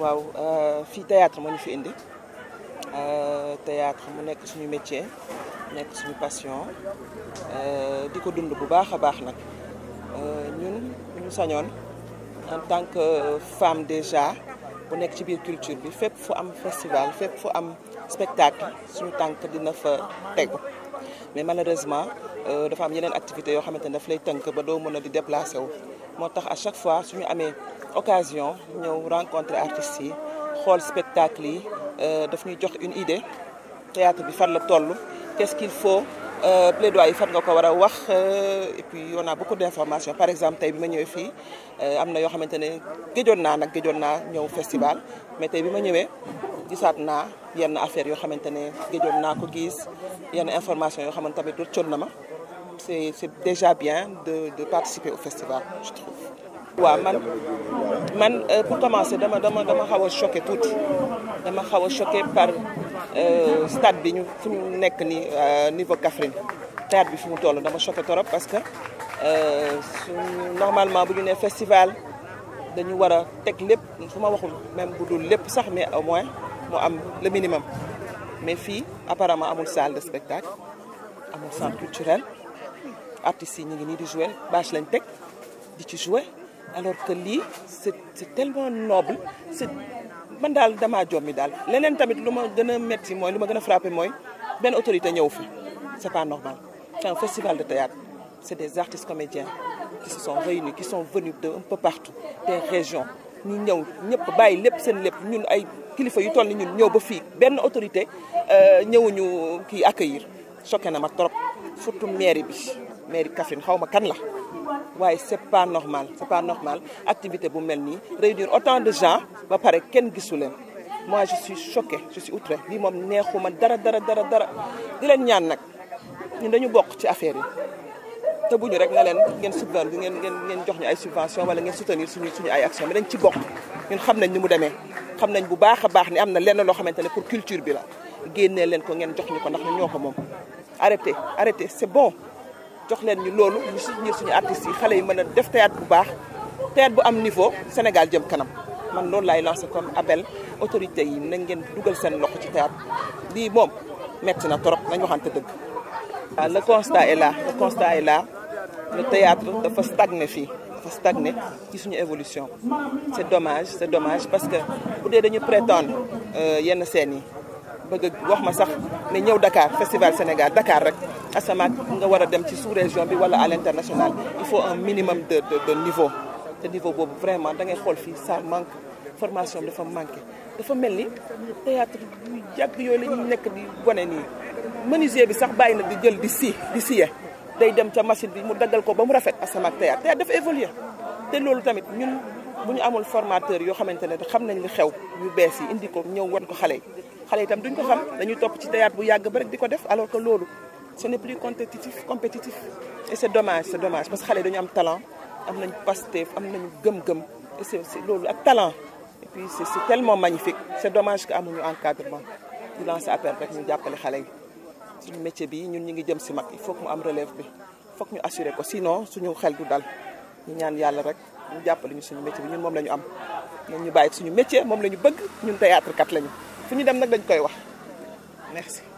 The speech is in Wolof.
waaw euh, fii théâtre moo ñu fi indi euh, théâtre mu nekk suñu métier nekk suñu passion euh, di ko dund bu baax a baax nag ñun ñu sañoon en tant que femme déjà bu nekk ci biir culture bi fépp fu am festival fépp fu am spectacle suñu tànk dina fa ko mais malheureusement dafa am yeneen activité yoo xamante ne daf lay tënk ba doo mën a di déplacé wu moo tax à chaque fois suñu amee occasion ñëw rencontrer artistes yi xool spectacle yi euh, daf ñuy jox une idée théâtre bi fan la toll qu'est-ce qu'il faut euh, plaidoyer yi fan nga ko war a wax euh, et puis on a beaucoup d'informations par exemple tey bi ma ñëwee fii am na yoo xamante ne gëjoon naa nag gëjoon naa ñëw festival mais bi ma ñëwee gisaat naa yenn affaires yoo xamante ne gëjoon naa ko gis yenn information yoo xamante tamit rëccoon na ma c'est déjà bien de, de participer au festival je trouve waaw man man euh, pour commencer dama dama dama xaw a choqué tuuti dama xaw a choqué par euh, stade bi ñu fu ñu nekk euh, niveau Kaffrine tard bi fi mu toll dama choqué torop parce que suñu normalement bu ñu nee festival dañu war a teg lépp su ma waxul même bu dul lépp sax mais au moins mu am le minimum mais fii apparemment amul salle de spectacle amul centre culturel artistes yi ñu ngi nii di jouer bâche lañ teg di ci jouer alors que lii c'est c'est tellement noble c'est man daal damaa jommi daal leneen tamit lu ma gën a metti mooy lu ma gën a frappé mooy benn autorité ñëw fi c'est pas normal c'est un festival de théâtre c'est des artistes comédiens qui se sont réunis qui sont venus de un peu partout des régions ñu ñëw ñëpp bàyyi lépp seen lépp ñun ay kilifa yu toll ni ñun ñëw ba fii benn autorité euh, ñëwuñu kii accueillir choqué na ma trop surtout mairie bi mairie Kaffrine xaw ma kan la waaye c'est pas normal c'est pas normal activité bu mel nii réunir autant de gens ba pare kenn gisu leen moi je suis choquée je suis outrée lii moom neexuma dara dara dara dara di leen ñaan nag ñun dañu bokk ci affaire yi te bu ñu rek na leen ngeen subvention ngeen ngeen ngeen jox ñu ay subvention wala ngeen soutenir suñu suñu ay action mais dañ ci bokk ñun xam nañ ni mu demee xam nañ bu baax a baax ni am na lenn loo xamante ne pour culture bi la génnee leen ko ngeen jox ñu ko ndax ñoo ko moom arrêtez arrêtez c'est bon jox leen ñu loolu ñu soutenir suñu artistes yi xale yi mën a def théâtre bu baax théâtre bu am niveau Sénégal jëm kanam man loolu laay lancé comme appel autorité yi na ngeen dugal seen loxo ci théâtre lii moom metti na trop nañ waxante dëgg waaw ah, le constat est là le constat est là le théâtre dafa stagné fii dafa stagné ci suñu évolution c'est dommage c'est dommage parce que bu dee dañu prétendre euh, yenn seen yi bëgg wax ma sax ne ñëw dakaar festival Sénégal dakaar rek asamaak nga war a dem ci sous région bi wala à l'international il faut un minimum de de de niveau te niveau boobu vraiment da ngay xool fii ça manque formation dafa manqué dafa mel ni théâtre yu yàgg yooyu la nekk di wane nii menuisier bi sax bàyyi nag di jël di si di siye day dem ca machine bi mu daggal ko ba mu rafet asamaak théâtre théâtre dafa évoluer te loolu tamit ñun bu ñu amul formateur yoo xamante ne xam nañ li xew yu bees yi indi ko ñëw wan ko xale xale itam duñ ko xam dañuy topp ci théâtre bu yàgg ba rek di ko def alors que loolu ce n'est plus compétitif compétitif et c'est dommage c'est dommage parce que xale dañu am talent am nañ Pastef am nañu gëm-gëm et c'est loolu ak talent et puis c'est c'est tellement magnifique c'est dommage que amuñu encadrement di lancer appel rek ñu jàppale xale yi suñu métier bi ñun ñu ngi jëm si mag il faut que mu am relève bi faut ñu assurer ko sinon suñu xel du dal ñaan yàlla rek ñu jàppale suñu métier bi ñun moom la ñu am ñun ñu bàyyi suñu métier moom la ñu bëgg ñun théâtre kat lañu fu ñu dem nag dañ koy wax